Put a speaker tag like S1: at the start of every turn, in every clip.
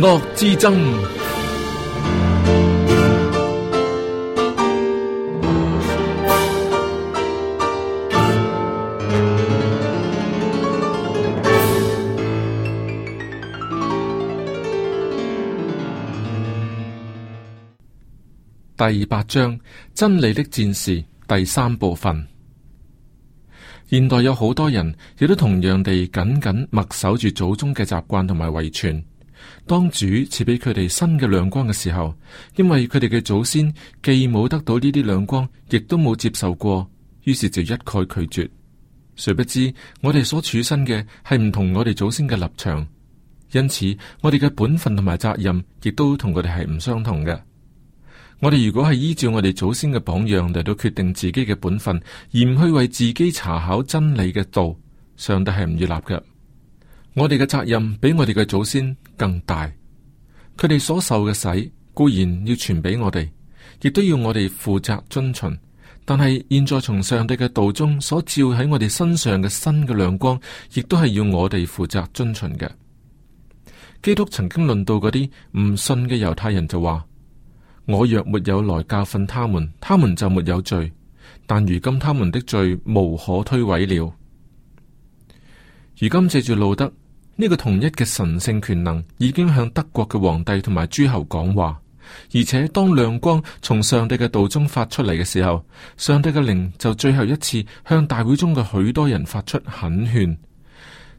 S1: 惡之爭，第八章真理的戰士第三部分。現代有好多人亦都同樣地緊緊默守住祖宗嘅習慣同埋遺傳。當主賜俾佢哋新嘅亮光嘅時候，因為佢哋嘅祖先既冇得到呢啲亮光，亦都冇接受過，於是就一概拒絕。誰不知我哋所處身嘅係唔同我哋祖先嘅立場，因此我哋嘅本分同埋責任亦都同佢哋係唔相同嘅。我哋如果係依照我哋祖先嘅榜樣嚟到決定自己嘅本分，而唔去為自己查考真理嘅道，上帝係唔接納嘅。我哋嘅責任比我哋嘅祖先更大，佢哋所受嘅洗固然要傳俾我哋，亦都要我哋負責遵循。但係現在從上帝嘅道中所照喺我哋身上嘅新嘅亮光，亦都係要我哋負責遵循嘅。基督曾經論到嗰啲唔信嘅猶太人就話：我若沒有來教訓他們，他們就沒有罪；但如今他們的罪無可推諉了。如今借住路德，呢個統一嘅神聖權能已經向德國嘅皇帝同埋諸侯講話，而且當亮光從上帝嘅道中發出嚟嘅時候，上帝嘅靈就最後一次向大會中嘅許多人發出懇勸，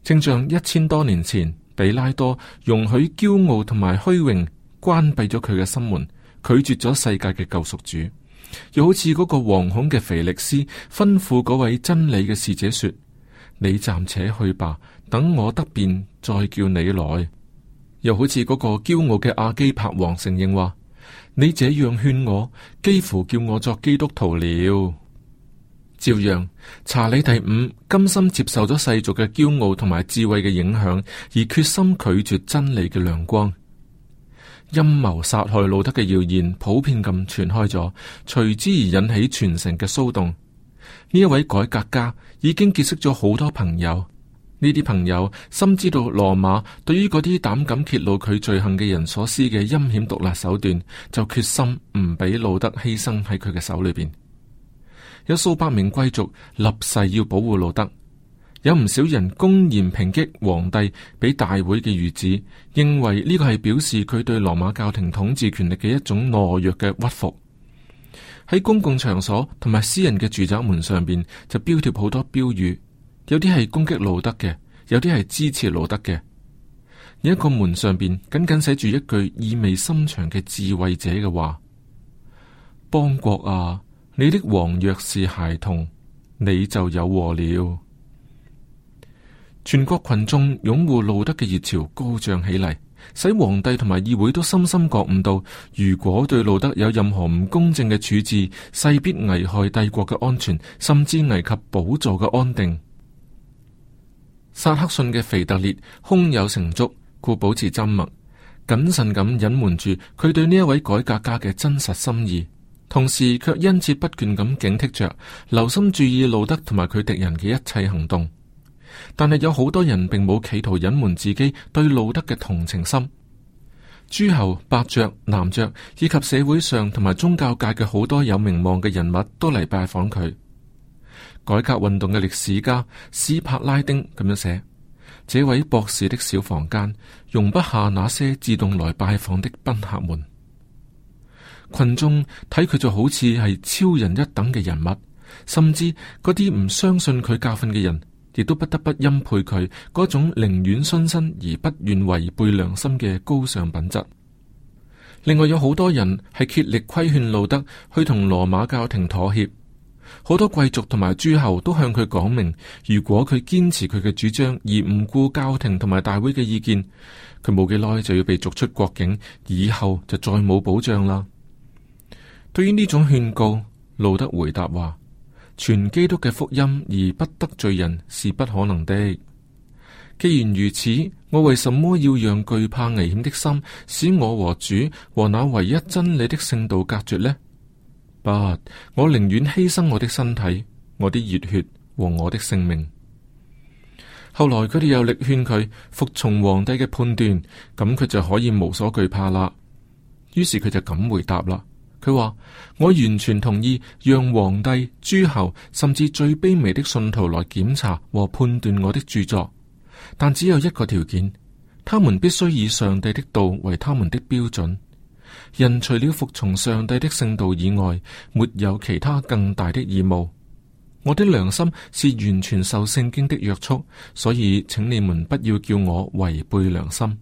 S1: 正像一千多年前比拉多容許驕傲同埋虛榮關閉咗佢嘅心門，拒絕咗世界嘅救贖主，又好似嗰個惶恐嘅腓力斯吩咐嗰位真理嘅使者說：你暫且去吧。等我得便再叫你來，又好似嗰個驕傲嘅阿基柏王承認話：你這樣勸我，幾乎叫我作基督徒了。照樣，查理第五甘心接受咗世俗嘅驕傲同埋智慧嘅影響，而決心拒絕真理嘅亮光。陰謀殺害路德嘅謠言普遍咁傳開咗，隨之而引起全城嘅騷動。呢一位改革家已經結識咗好多朋友。呢啲朋友深知道羅馬對於嗰啲膽敢揭露佢罪行嘅人所施嘅陰險毒辣手段，就決心唔俾路德犧牲喺佢嘅手裏邊。有數百名貴族立誓要保護路德，有唔少人公然抨擊皇帝俾大會嘅御旨，認為呢個係表示佢對羅馬教廷統治權力嘅一種懦弱嘅屈服。喺公共場所同埋私人嘅住宅門上邊就標貼好多標語。有啲係攻擊路德嘅，有啲係支持路德嘅。一個門上邊僅僅寫住一句意味深長嘅智慧者嘅話：邦國啊，你的王若是孩童，你就有禍了。全國群眾擁護路德嘅熱潮高漲起嚟，使皇帝同埋議會都深深覺悟到，如果對路德有任何唔公正嘅處置，勢必危害帝國嘅安全，甚至危及寶座嘅安定。薩克遜嘅腓特烈胸有成竹，故保持緘默，謹慎咁隱瞞住佢對呢一位改革家嘅真實心意，同時卻因切不倦咁警惕着，留心注意路德同埋佢敵人嘅一切行動。但係有好多人並冇企圖隱瞞自己對路德嘅同情心，諸侯、伯爵、男爵以及社會上同埋宗教界嘅好多有名望嘅人物都嚟拜訪佢。改革運動嘅歷史家斯帕拉丁咁樣寫：這位博士的小房間容不下那些自動來拜訪的賓客們。群眾睇佢就好似係超人一等嘅人物，甚至嗰啲唔相信佢教訓嘅人，亦都不得不欽佩佢嗰種寧願殉身而不願違背良心嘅高尚品質。另外有好多人係竭力規勸路德去同羅馬教廷妥協。好多貴族同埋諸侯都向佢講明，如果佢堅持佢嘅主張而唔顧教廷同埋大會嘅意見，佢冇幾耐就要被逐出國境，以後就再冇保障啦。對於呢種勸告，路德回答話：全基督嘅福音而不得罪人是不可能的。既然如此，我為什麼要讓懼怕危險的心，使我和主和那唯一真理的聖道隔絕呢？啊、我寧願犧牲我的身體、我的熱血和我的性命。後來佢哋又力勸佢服從皇帝嘅判斷，咁佢就可以無所懼怕啦。於是佢就咁回答啦。佢話：我完全同意讓皇帝、諸侯甚至最卑微的信徒來檢查和判斷我的著作，但只有一個條件，他們必須以上帝的道為他們的標準。人除了服從上帝的聖道以外，沒有其他更大的義務。我的良心是完全受聖經的約束，所以請你們不要叫我違背良心。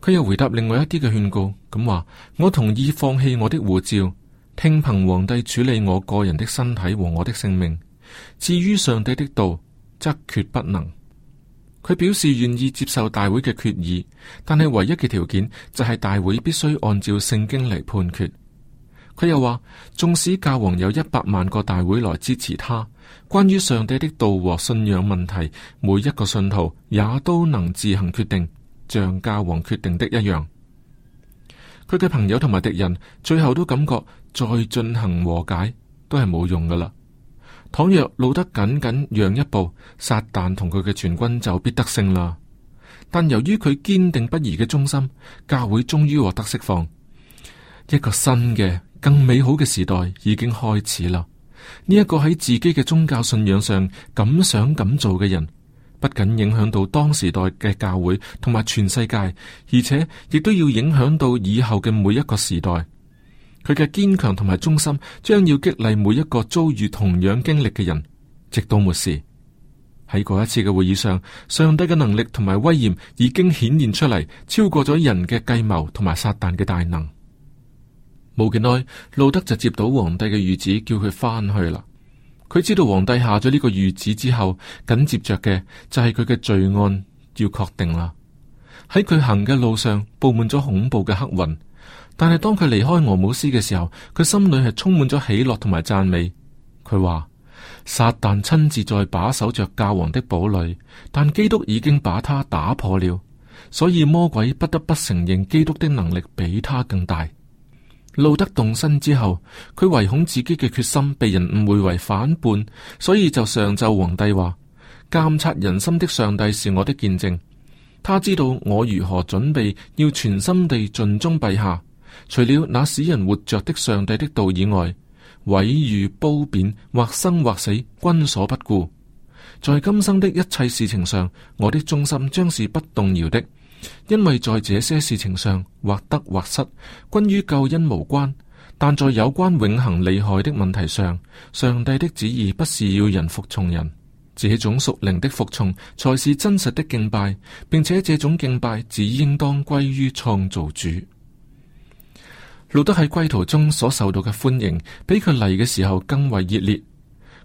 S1: 佢又回答另外一啲嘅勸告，咁話：我同意放棄我的護照，聽憑皇帝處理我個人的身體和我的性命。至於上帝的道，則決不能。佢表示願意接受大會嘅決議，但係唯一嘅條件就係大會必須按照聖經嚟判決。佢又話，縱使教皇有一百萬個大會來支持他，關於上帝的道和信仰問題，每一個信徒也都能自行決定，像教皇決定的一樣。佢嘅朋友同埋敵人最後都感覺再進行和解都係冇用㗎喇。倘若路德緊緊讓一步，撒旦同佢嘅全軍就必得勝啦。但由於佢堅定不移嘅忠心，教會終於獲得釋放。一個新嘅、更美好嘅時代已經開始啦。呢、這、一個喺自己嘅宗教信仰上敢想敢做嘅人，不僅影響到當時代嘅教會同埋全世界，而且亦都要影響到以後嘅每一個時代。佢嘅堅強同埋忠心，將要激勵每一個遭遇同樣經歷嘅人，直到末世。喺嗰一次嘅會議上，上帝嘅能力同埋威嚴已經顯現出嚟，超過咗人嘅計謀同埋撒旦嘅大能。冇幾耐，路德就接到皇帝嘅諭旨，叫佢翻去啦。佢知道皇帝下咗呢個諭旨之後，緊接着嘅就係佢嘅罪案要確定啦。喺佢行嘅路上，布滿咗恐怖嘅黑雲。但係當佢離開俄姆斯嘅時候，佢心裏係充滿咗喜樂同埋讚美。佢話：撒旦親自在把守着教皇的堡壘，但基督已經把他打破了，所以魔鬼不得不承認基督的能力比他更大。路德動身之後，佢唯恐自己嘅決心被人誤會為反叛，所以就上奏皇帝話：監察人心的上帝是我的見證。他知道我如何準備，要全心地盡忠陛下。除了那使人活着的上帝的道以外，毀譽褒貶或生或死均所不顧。在今生的一切事情上，我的忠心將是不動搖的，因為在這些事情上或得或失均與救恩無關。但在有關永恒利害的問題上，上帝的旨意不是要人服從人。這種屬靈的服從才是真實的敬拜，並且這種敬拜只應當歸於創造主。路德喺歸途中所受到嘅歡迎，比佢嚟嘅時候更為熱烈。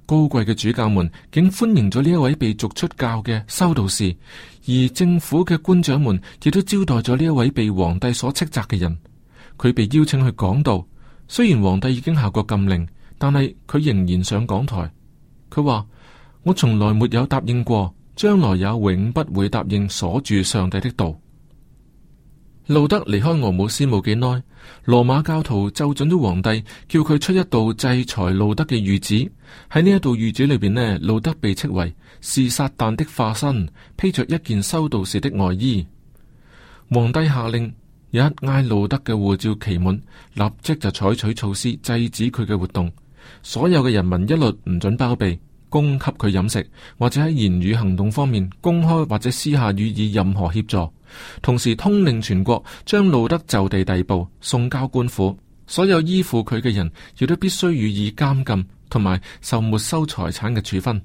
S1: 高貴嘅主教們竟歡迎咗呢一位被逐出教嘅修道士，而政府嘅官長們亦都招待咗呢一位被皇帝所斥責嘅人。佢被邀請去講道，雖然皇帝已經下過禁令，但係佢仍然上講臺。佢話。我從來沒有答應過，將來也永不會答應鎖住上帝的道。路德離開俄姆斯冇幾耐，羅馬教徒就准咗皇帝，叫佢出一道制裁路德嘅諭旨。喺呢一道諭旨裏邊呢，路德被斥為是撒旦的化身，披着一件修道士的外衣。皇帝下令一嗌路德嘅護照期滿，立即就採取措施制止佢嘅活動，所有嘅人民一律唔准包庇，供給佢飲食，或者喺言語行動方面公開或者私下予以任何協助，同時通令全國將路德就地逮捕送交官府，所有依附佢嘅人亦都必須予以監禁同埋受沒收財產嘅處分。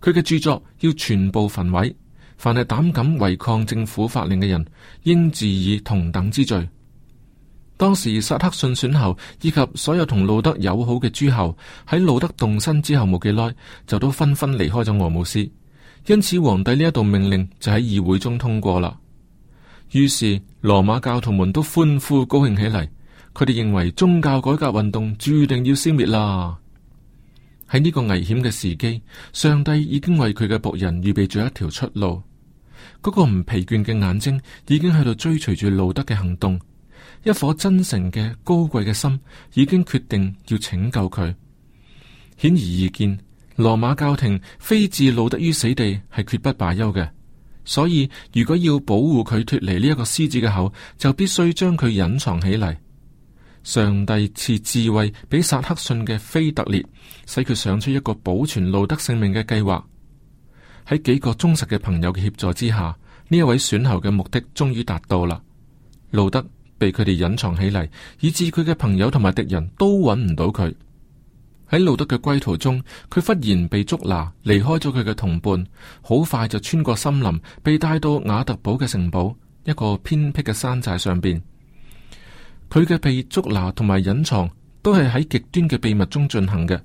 S1: 佢嘅著作要全部焚毀，凡係膽敢違抗政府法令嘅人，應治以同等之罪。當時薩克遜選侯，以及所有同路德友好嘅諸侯，喺路德動身之後冇幾耐，就都紛紛離開咗俄姆斯。因此，皇帝呢一道命令就喺議會中通過啦。於是，羅馬教徒們都歡呼高興起嚟，佢哋認為宗教改革運動注定要消滅啦。喺呢個危險嘅時機，上帝已經為佢嘅僕人預備咗一條出路。嗰個唔疲倦嘅眼睛，已經喺度追隨住路德嘅行動。一顆真誠嘅高貴嘅心已經決定要拯救佢，顯而易見。羅馬教廷非置路德於死地係絕不罷休嘅，所以如果要保護佢脫離呢一個獅子嘅口，就必須將佢隱藏起嚟。上帝賜智慧俾薩克遜嘅菲特烈，使佢想出一個保存路德性命嘅計劃。喺幾個忠實嘅朋友嘅協助之下，呢一位選候嘅目的終於達到啦，路德被佢哋隱藏起嚟，以致佢嘅朋友同埋敵人都揾唔到佢。喺路德嘅歸途中，佢忽然被捉拿，離開咗佢嘅同伴，好快就穿過森林，被帶到瓦特堡嘅城堡，一個偏僻嘅山寨上邊。佢嘅被捉拿同埋隱藏，都係喺極端嘅秘密中進行嘅，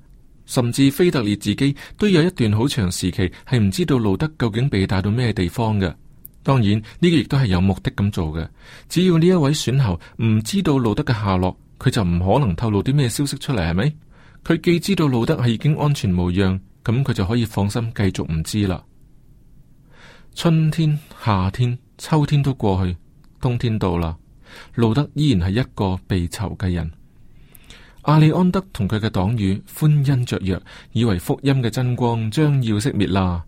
S1: 甚至菲特烈自己都有一段好長時期係唔知道路德究竟被帶到咩地方嘅。當然，呢個亦都係有目的咁做嘅。只要呢一位選侯唔知道路德嘅下落，佢就唔可能透露啲咩消息出嚟，係咪？佢既知道路德係已經安全無恙，咁佢就可以放心繼續唔知啦。春天、夏天、秋天都過去，冬天到啦，路德依然係一個被囚嘅人。阿里安德同佢嘅黨羽歡欣雀躍，以為福音嘅真光將要熄滅啦。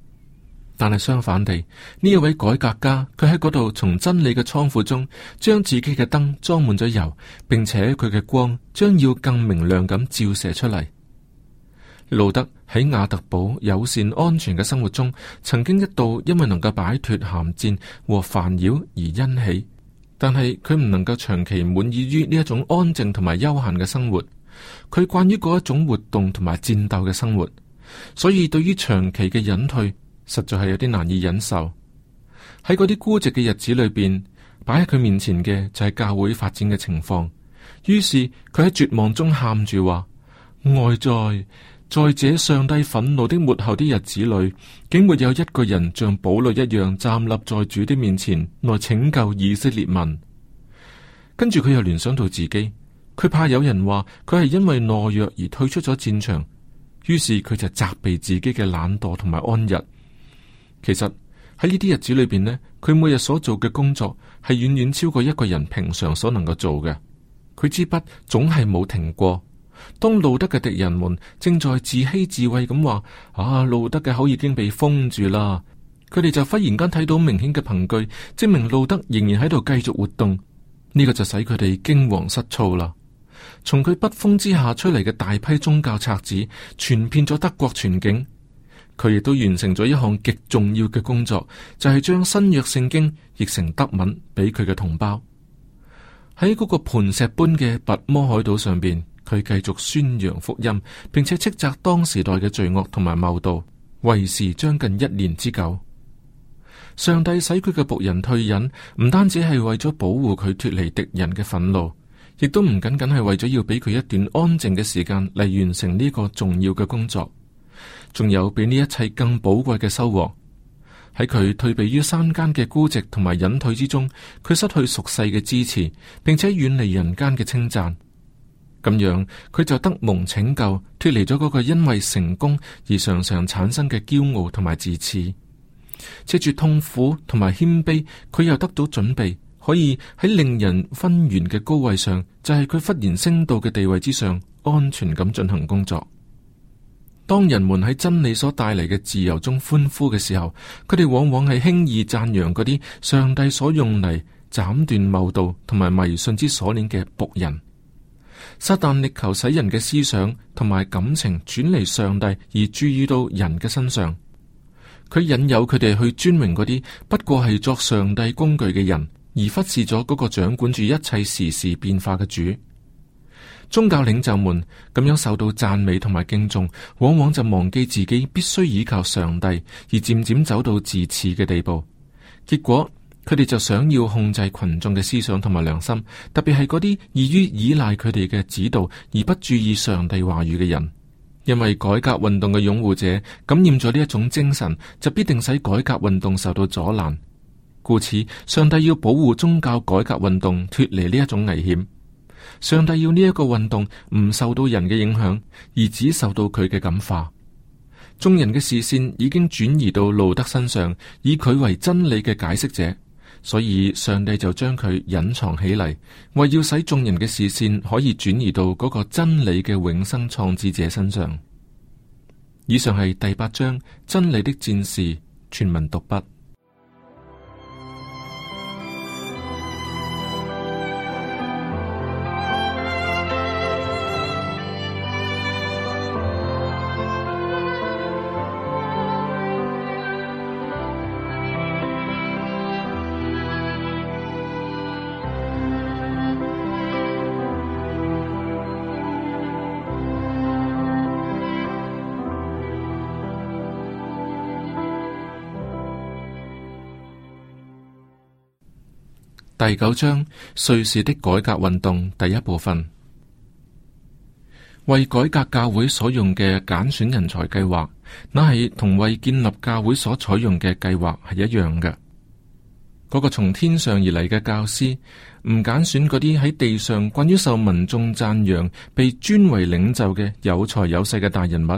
S1: 但係相反地，呢一位改革家，佢喺嗰度從真理嘅倉庫中，將自己嘅燈裝滿咗油，並且佢嘅光將要更明亮咁照射出嚟。路德喺亞特堡友善安全嘅生活中，曾經一度因為能夠擺脫咸戰和煩擾而欣喜，但係佢唔能夠長期滿意於呢一種安靜同埋悠閒嘅生活。佢慣於嗰一種活動同埋戰鬥嘅生活，所以對於長期嘅隱退。實在係有啲難以忍受。喺嗰啲孤寂嘅日子裏邊，擺喺佢面前嘅就係教會發展嘅情況。於是佢喺絕望中喊住話：外在，在這上帝憤怒的末後的日子裏，竟沒有一個人像保羅一樣站立在主的面前來拯救以色列民。跟住佢又聯想到自己，佢怕有人話佢係因為懦弱而退出咗戰場，於是佢就責備自己嘅懶惰同埋安逸。其實喺呢啲日子裏邊呢，佢每日所做嘅工作係遠遠超過一個人平常所能夠做嘅。佢支筆總係冇停過。當路德嘅敵人們正在自欺自慰咁話：啊，路德嘅口已經被封住啦！佢哋就忽然間睇到明顯嘅憑據，證明路德仍然喺度繼續活動。呢個就使佢哋驚惶失措啦。從佢筆鋒之下出嚟嘅大批宗教冊子，傳遍咗德國全境。佢亦都完成咗一項極重要嘅工作，就係將新約聖經譯成德文俾佢嘅同胞。喺嗰個磐石般嘅拔摩海島上邊，佢繼續宣揚福音，並且斥責當時代嘅罪惡同埋謬道，維持將近一年之久。上帝使佢嘅僕人退隱，唔單止係為咗保護佢脫離敵人嘅憤怒，亦都唔僅僅係為咗要俾佢一段安靜嘅時間嚟完成呢個重要嘅工作。仲有比呢一切更寶貴嘅收穫，喺佢退避於山間嘅孤寂同埋隱退之中，佢失去俗世嘅支持，並且遠離人間嘅稱讚。咁樣佢就得蒙拯救，脱離咗嗰個因為成功而常常產生嘅驕傲同埋自恃。借住痛苦同埋謙卑，佢又得到準備，可以喺令人分緣嘅高位上，就係、是、佢忽然升到嘅地位之上，安全咁進行工作。當人們喺真理所帶嚟嘅自由中歡呼嘅時候，佢哋往往係輕易讚揚嗰啲上帝所用嚟斬斷謬道同埋迷信之鎖鏈嘅僕人。撒旦力求使人嘅思想同埋感情轉離上帝，而注意到人嘅身上。佢引誘佢哋去尊榮嗰啲不過係作上帝工具嘅人，而忽視咗嗰個掌管住一切時事變化嘅主。宗教領袖們咁樣受到讚美同埋敬重，往往就忘記自己必須依靠上帝，而漸漸走到自恃嘅地步。結果，佢哋就想要控制群眾嘅思想同埋良心，特別係嗰啲易於依賴佢哋嘅指導而不注意上帝話語嘅人。因為改革運動嘅擁護者感染咗呢一種精神，就必定使改革運動受到阻攔。故此，上帝要保護宗教改革運動脫離呢一種危險。上帝要呢一個運動唔受到人嘅影響，而只受到佢嘅感化。眾人嘅視線已經轉移到路德身上，以佢為真理嘅解釋者，所以上帝就將佢隱藏起嚟，為要使眾人嘅視線可以轉移到嗰個真理嘅永生創始者身上。以上係第八章真理的戰士全文讀筆。第九章瑞士，的改革運動，第一部分，為改革教會所用嘅揀選人才計劃，那係同為建立教會所採用嘅計劃係一樣嘅。嗰、那個從天上而嚟嘅教師唔揀選嗰啲喺地上慣於受民眾讚揚、被尊為領袖嘅有才有勢嘅大人物，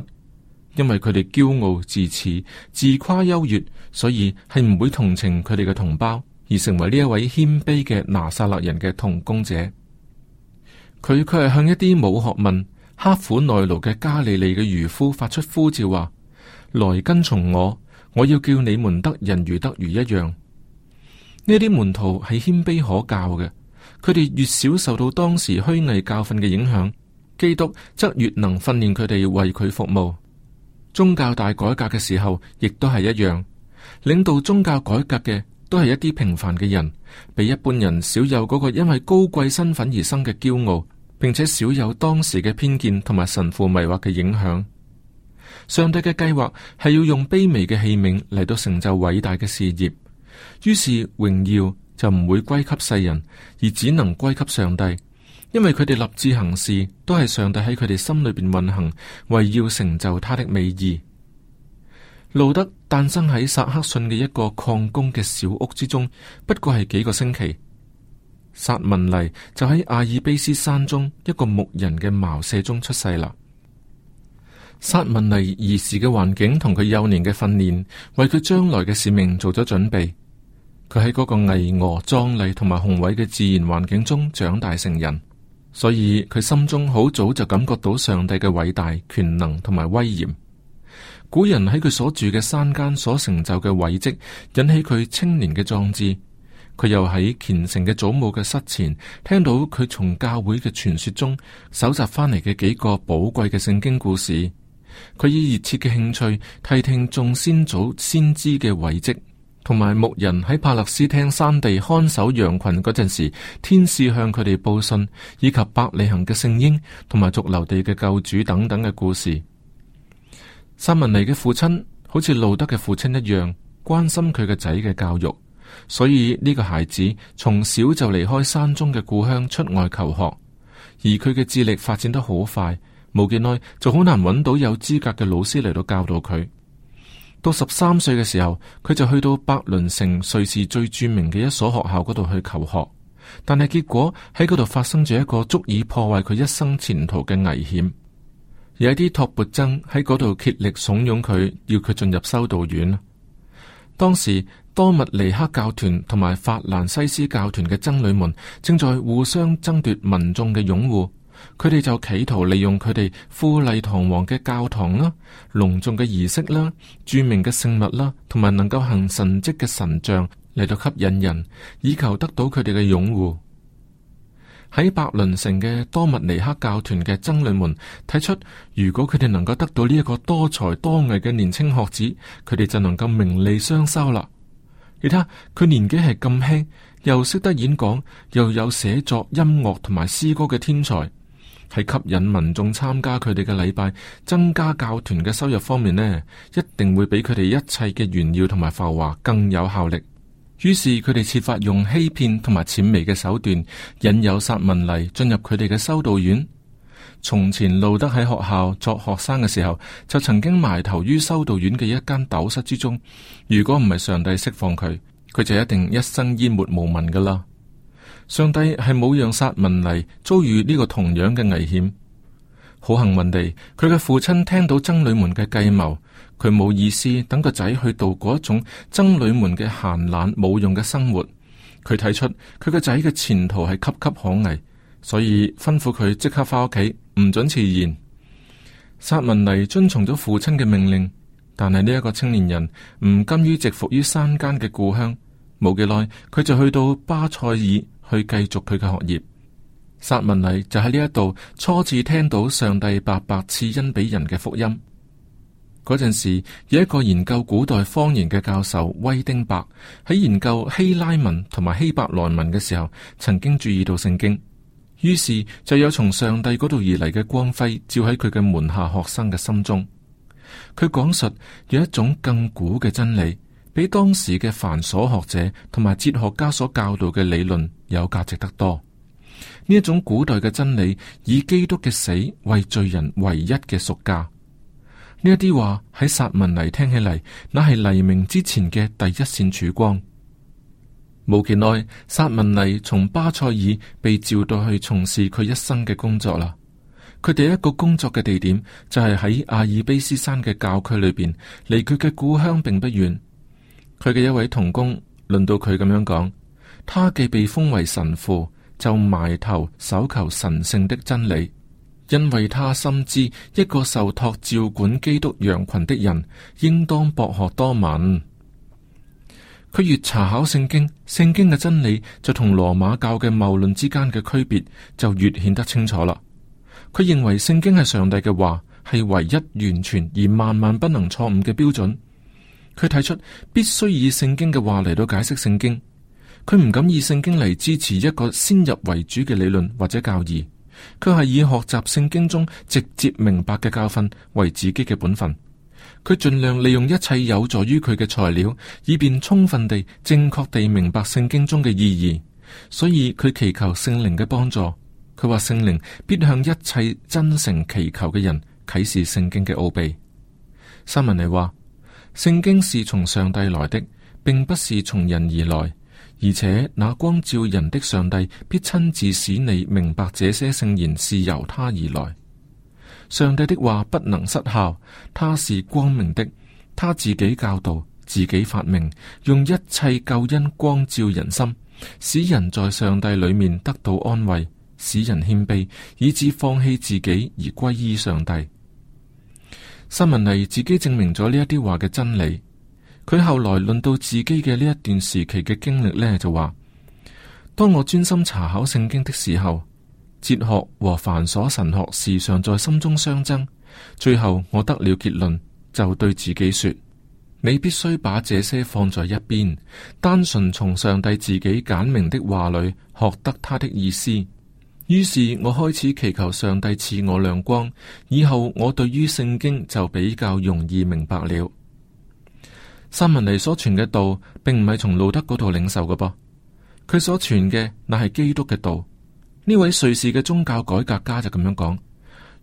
S1: 因為佢哋驕傲自恃、自誇優越，所以係唔會同情佢哋嘅同胞，而成為呢一位謙卑嘅拿撒勒人嘅同工者，佢卻係向一啲冇學問、刻苦耐勞嘅加利利嘅漁夫發出呼召，話來跟從我，我要叫你們得人如得魚一樣。呢啲門徒係謙卑可教嘅，佢哋越少受到當時虛偽教訓嘅影響，基督則越能訓練佢哋為佢服務。宗教大改革嘅時候亦都係一樣，領導宗教改革嘅，都係一啲平凡嘅人，比一般人少有嗰個因為高貴身份而生嘅驕傲，並且少有當時嘅偏見同埋神父迷惑嘅影響。上帝嘅計劃係要用卑微嘅器皿嚟到成就偉大嘅事業，於是榮耀就唔會歸給世人，而只能歸給上帝，因為佢哋立志行事都係上帝喺佢哋心裏面運行，為要成就他的美意。路德誕生喺薩克遜嘅一個礦工嘅小屋之中，不過係幾個星期。薩文尼就喺阿爾卑斯山中一個牧人嘅茅舍中出世啦。薩文尼兒時嘅環境同佢幼年嘅訓練，為佢將來嘅使命做咗準備。佢喺嗰個巍峨壯麗同埋宏偉嘅自然環境中長大成人，所以佢心中好早就感覺到上帝嘅偉大、權能同埋威嚴。古人喺佢所住嘅山間所成就嘅遺迹，引起佢青年嘅壯志。佢又喺虔誠嘅祖母嘅室前，聽到佢從教會嘅傳說中搜集翻嚟嘅幾個寶貴嘅聖經故事。佢以熱切嘅興趣，替聽眾先祖先知嘅遺迹，同埋牧人喺帕勒斯汀山地看守羊群嗰陣時，天使向佢哋報信，以及百里行嘅聖嬰，同埋逐流地嘅救主等等嘅故事。薩文尼嘅父親好似路德嘅父親一樣，關心佢嘅仔嘅教育，所以呢個孩子從小就離開山中嘅故鄉出外求學，而佢嘅智力發展得好快，冇幾耐就好難揾到有資格嘅老師嚟到教導佢。到十三歲嘅時候，佢就去到百倫城瑞士最著名嘅一所學校嗰度去求學，但係結果喺嗰度發生咗一個足以破壞佢一生前途嘅危險。有一啲托缽僧喺嗰度竭力慫恿佢，要佢進入修道院。當時多密尼克教團同埋法蘭西斯教團嘅僧侶們正在互相爭奪民眾嘅擁護，佢哋就企圖利用佢哋富麗堂皇嘅教堂啦、隆重嘅儀式啦、著名嘅聖物啦，同埋能夠行神迹嘅神像嚟到吸引人，以求得到佢哋嘅擁護。喺白倫城嘅多密尼克教團嘅僧侶們睇出，如果佢哋能夠得到呢一個多才多藝嘅年輕學子，佢哋就能夠名利雙收啦。你睇佢年紀係咁輕，又識得演講，又有寫作、音樂同埋詩歌嘅天才，喺吸引民眾參加佢哋嘅禮拜，增加教團嘅收入方面呢，一定會比佢哋一切嘅炫耀同埋浮華更有效力。於是佢哋設法用欺騙同埋諂媚嘅手段，引誘撒文禮進入佢哋嘅修道院。從前路德喺學校作學生嘅時候，就曾經埋頭於修道院嘅一間斗室之中。如果唔係上帝釋放佢，佢就一定一生湮沒無聞㗎喇。上帝係冇讓撒文禮遭遇呢個同樣嘅危險。好幸運地，佢嘅父親聽到僧侶們嘅計謀，佢冇意思等個仔去度過一種僧侶們嘅閒懶冇用嘅生活。佢睇出佢個仔嘅前途係岌岌可危，所以吩咐佢即刻翻屋企，唔准遲延。薩文尼遵從咗父親嘅命令，但係呢一個青年人唔甘於直服於山間嘅故鄉，冇幾耐佢就去到巴塞爾去繼續佢嘅學業。撒文禮就喺呢一度初次聽到上帝白白賜恩俾人嘅福音。嗰陣時，有一個研究古代方言嘅教授威丁伯喺研究希拉文同埋希伯來文嘅時候，曾經注意到聖經。於是就有從上帝嗰度而嚟嘅光輝照喺佢嘅門下學生嘅心中。佢講述有一種更古嘅真理，比當時嘅繁瑣學者同埋哲學家所教導嘅理論有價值得多。呢一種古代嘅真理，以基督嘅死為罪人唯一嘅贖價。呢一啲話喺薩文尼聽起嚟，那係黎明之前嘅第一線曙光。無幾耐，薩文尼從巴塞爾被召到去從事佢一生嘅工作啦。佢第一個工作嘅地點就係、是、喺阿爾卑斯山嘅教區裏邊，離佢嘅故鄉並不遠。佢嘅一位同工論到佢咁樣講，他既被封為神父，就埋頭搜求神聖的真理，因為他深知一個受託照管基督羊群的人，應當博學多聞。佢越查考聖經，聖經嘅真理就同羅馬教嘅謬論之間嘅區別就越顯得清楚啦。佢認為聖經係上帝嘅話，係唯一完全而萬萬不能錯誤嘅標準。佢提出必須以聖經嘅話嚟到解釋聖經。佢唔敢以聖經嚟支持一個先入為主嘅理論或者教義，佢係以學習聖經中直接明白嘅教訓為自己嘅本分。佢盡量利用一切有助於佢嘅材料，以便充分地、正確地明白聖經中嘅意義。所以佢祈求聖靈嘅幫助。佢話聖靈必向一切真誠祈求嘅人啟示聖經嘅奧秘。新文尼話：聖經是從上帝來的，並不是從人而來。而且那光照人的上帝必親自使你明白這些聖言是由他而來。上帝的話不能失效，他是光明的，他自己教導，自己發明，用一切救恩光照人心，使人在上帝裏面得到安慰，使人謙卑，以致放棄自己而歸依上帝。新聞麗自己證明咗呢一啲話嘅真理。佢後來論到自己嘅呢一段時期嘅經歷呢，就話：當我專心查考聖經的時候，哲學和繁瑣神學時常在心中相爭。最後我得了結論，就對自己說：你必須把這些放在一邊，單純從上帝自己簡明的話裏學得他的意思。於是我開始祈求上帝賜我亮光，以後我對於聖經就比較容易明白了。聖文尼所傳嘅道，並唔係從路德嗰度領受嘅噃。佢所傳嘅，乃係基督嘅道。呢位瑞士嘅宗教改革家就咁樣講：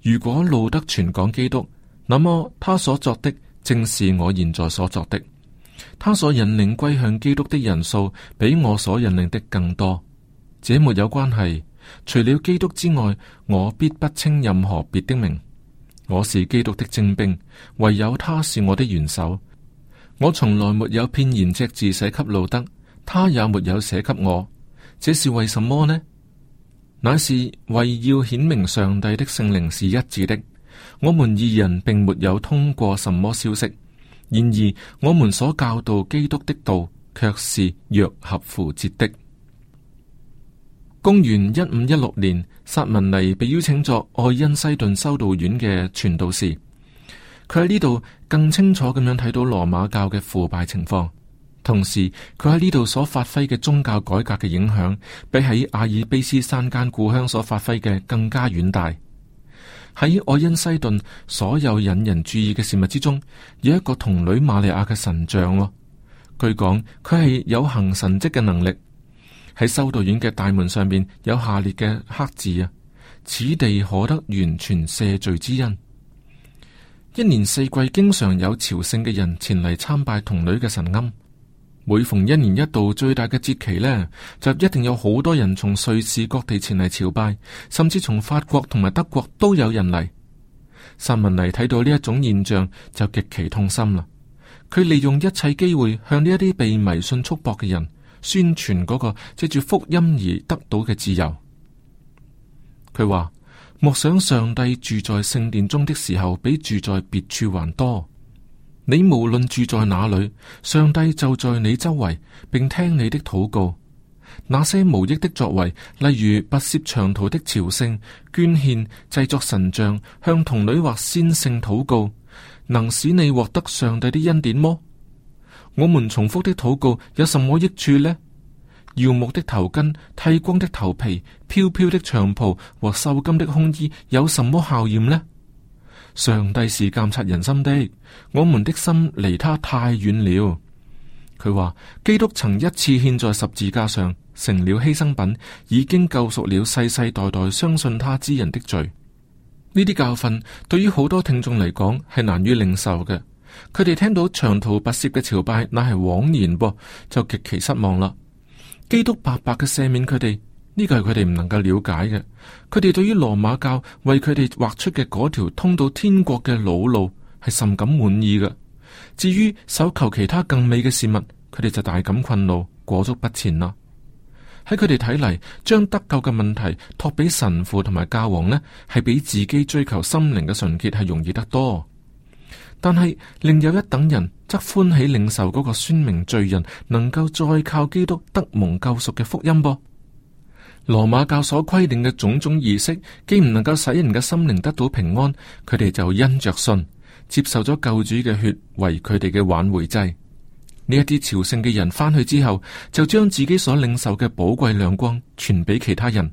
S1: 如果路德傳講基督，那麼他所作的正是我現在所作的。他所引領歸向基督的人數，比我所引領的更多。這沒有關係。除了基督之外，我必不稱任何別的名。我是基督的精兵，唯有他是我的元首。我從來沒有片言隻字寫給路德，他也沒有寫給我，這是為什麼呢？乃是為要顯明上帝的聖靈是一致的。我們二人並沒有通過什麼消息，然而我們所教導基督的道卻是若合符節的。公元一五一六年，薩文尼被邀請作愛因西頓修道院嘅傳道士。佢喺呢度更清楚咁樣睇到羅馬教嘅腐敗情況，同時佢喺呢度所發揮嘅宗教改革嘅影響，比喺阿爾卑斯山間故鄉所發揮嘅更加遠大。喺愛因西頓所有引人注意嘅事物之中，有一個童女瑪利亞嘅神像，哦，據講佢係有行神蹟嘅能力。喺修道院嘅大門上面有下列嘅黑字啊：此地可得完全赦罪之恩。一年四季，經常有朝聖嘅人前嚟參拜童女嘅神龕。每逢一年一度最大嘅節期呢，就一定有好多人從瑞士各地前嚟朝拜，甚至從法國同埋德國都有人嚟。薩文尼睇到呢一種現象，就極其痛心啦。佢利用一切機會向呢一啲被迷信束縛嘅人宣傳嗰個借住福音而得到嘅自由。佢話。莫想上帝住在聖殿中的時候比住在別處還多。你無論住在哪裏，上帝就在你周圍，並聽你的禱告。那些無益的作為，例如跋涉長途的朝聖、捐獻、製作神像、向童女或先聖禱告，能使你獲得上帝的恩典麼？我們重複的禱告有什麼益處呢？耀目的頭巾、剃光的頭皮、飄飄的長袍和繡金的胸衣，有什麼效驗呢？上帝是監察人心的，我們的心離他太遠了。佢話基督曾一次獻在十字架上，成了犧牲品，已經救贖了世世代代相信他之人的罪。呢啲教訓對於好多聽眾嚟講係難於領受嘅。佢哋聽到長途跋涉嘅朝拜，乃係枉然噃，就極其失望啦。基督白白嘅赦免佢哋，呢個係佢哋唔能夠了解嘅。佢哋對於羅馬教為佢哋畫出嘅嗰條通到天國嘅老路係甚感滿意嘅。至於尋求其他更美嘅事物，佢哋就大感困惱，裹足不前啦。喺佢哋睇嚟，將得救嘅問題託俾神父同埋教皇呢，係比自己追求心靈嘅純潔係容易得多。但係，另有一等人則歡喜領受嗰個宣明罪人能夠再靠基督得蒙救贖嘅福音。噃，羅馬教所規定嘅種種儀式，既唔能夠使人嘅心靈得到平安，佢哋就因着信接受咗救主嘅血為佢哋嘅挽回祭。呢一啲朝聖嘅人翻去之後，就將自己所領受嘅寶貴亮光傳俾其他人，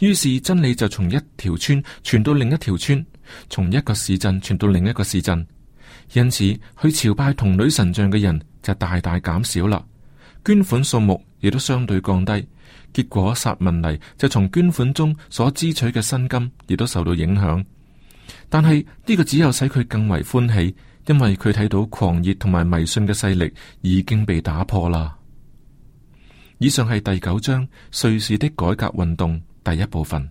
S1: 於是真理就從一條村傳到另一條村，從一個市鎮傳到另一個市鎮。因此，去朝拜同女神像嘅人就大大減少啦，捐款數目亦都相對降低。結果，薩文尼就從捐款中所支取嘅薪金亦都受到影響。但係呢個只有使佢更為歡喜，因為佢睇到狂熱同埋迷信嘅勢力已經被打破啦。以上係第九章瑞士的改革運動第一部分。